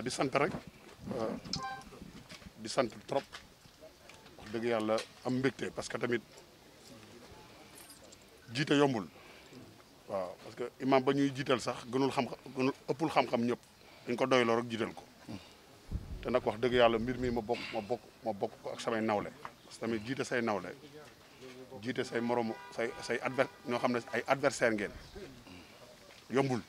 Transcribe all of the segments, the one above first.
di sant rek di sant trop wax dëgg yàlla am mbégte parce que tamit jiite yombul waaw parce que imam ba jital jiital sax gënul xam gënul ëppul xam-xam ñëpp dañ ko doyloo rek jiital ko te nag wax dëgg yàlla mbir mi ma bok ma bok ma bok ko ak samay nawle parce que tamit jiite say nawle jiite say morom say say adver ñoo xam ay adversaire ngeen yombul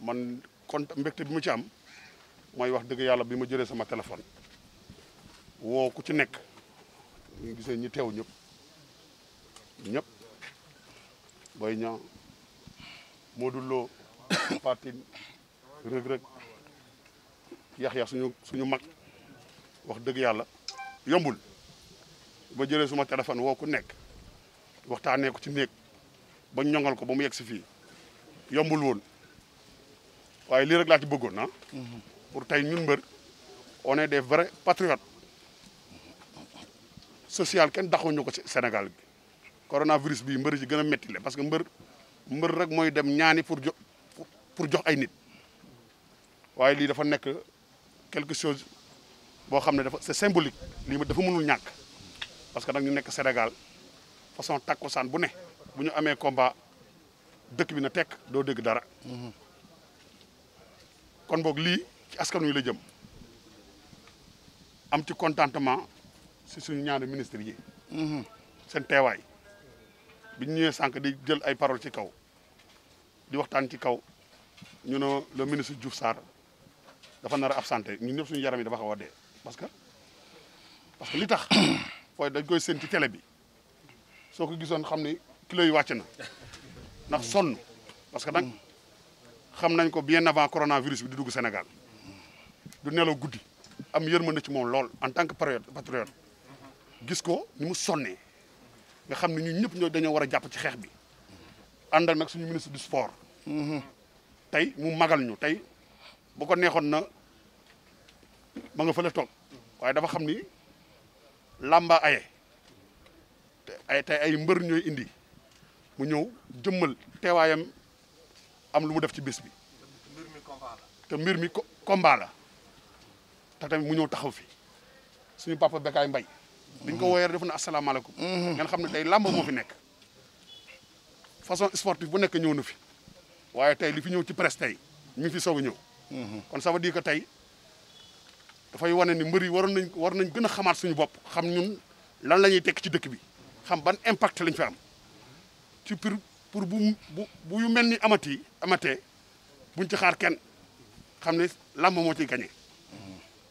man kon mbégte bi mu ci am mooy wax dëgg yàlla bi ma jëlee sama téléphone woo ku ci nekk ñu gisee ñi teew ñëpp ñëpp Boy Niang Modou loo parti Reug Reug Yaxya suñu suñu mag wax dëgg yàlla yombul ba jëlee suma téléphone woo ku nekk waxtaanee ko ci néeg ba ñoŋal ko ba mu yegg si fii yombul woon waaye lii rek laa ci bëggoon ah mm-hmm. pour tey ñun mbër on est des vrais patriotes social kenn daxuñu ko ci Sénégal bi coronavirus bi mbër ji gën a métti la parce que mbër mbër rek mooy dem ñaani pour jox pour jox ay nit waaye lii dafa nekk quelque chose boo xam ne dafa c'est symbolique lii ma dafa mënul ñàkk parce que nag ñu nekk Sénégal façon takkusaan bu ne bu ñu amee combat dëkk bi na tekk doo dégg dara mhm. kon boog lii ci askan wi la jëm am ci contentement si suñu ñaari ministre yi. Mhm. seen teewaay bi ñu ñëwee sànq di jël ay parole ci kaw di waxtaan ci kaw ñu ne le ministre Diouf Sarr dafa nar a absenté ñun ñëpp suñu yaram yi dafa xaw a dee parce que parce que li tax fooy dañ koy séen ci télé bi soo ko gisoon xam ni kilo yi wàcc na ndax sonn parce que nag mm. xam nañ ko bien avant coronavirus bi di dugg Sénégal. du nelaw goudi am yërmande ci mom lol en tant que patriote patriote gis ko ni mu sonné nga xamni ñun ñep ñoo dañoo wara a ci xex bi andal nak suñu ministre du sport tay mu magal ñu tay, bu ko neexon na ma nga la tok waye dafa xamni lamba làmba ay tay ay mbeur ñoy indi mu ñew jëmmal téwayam am lu mu def ci bés bi te mbir mi combat la te tamit mu ñëw taxaw fi suñu papa Bécaye mbay dañ ko wooyee def na asalaamaaleykum mhm. ngeen xam ne tey làmb moo fi nekk façon sportive bu nekk ñëw na fi waaye tey li fi ñëw ci presse tey ñu fi soog ñëw mhm. kon saw veut dire que tey dafay wane ni mbër yi waroon nañ war nañ gën a xamaat suñu bopp xam ñun lan la ñuy tekk ci dëkk bi xam ban impact lañ fi am ci pour pour bu bu yu mel ni amati amatee buñ ci xaar kenn xam ne làmb moo ci gañe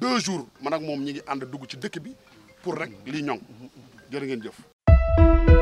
deux jours je vais ñi un pour rek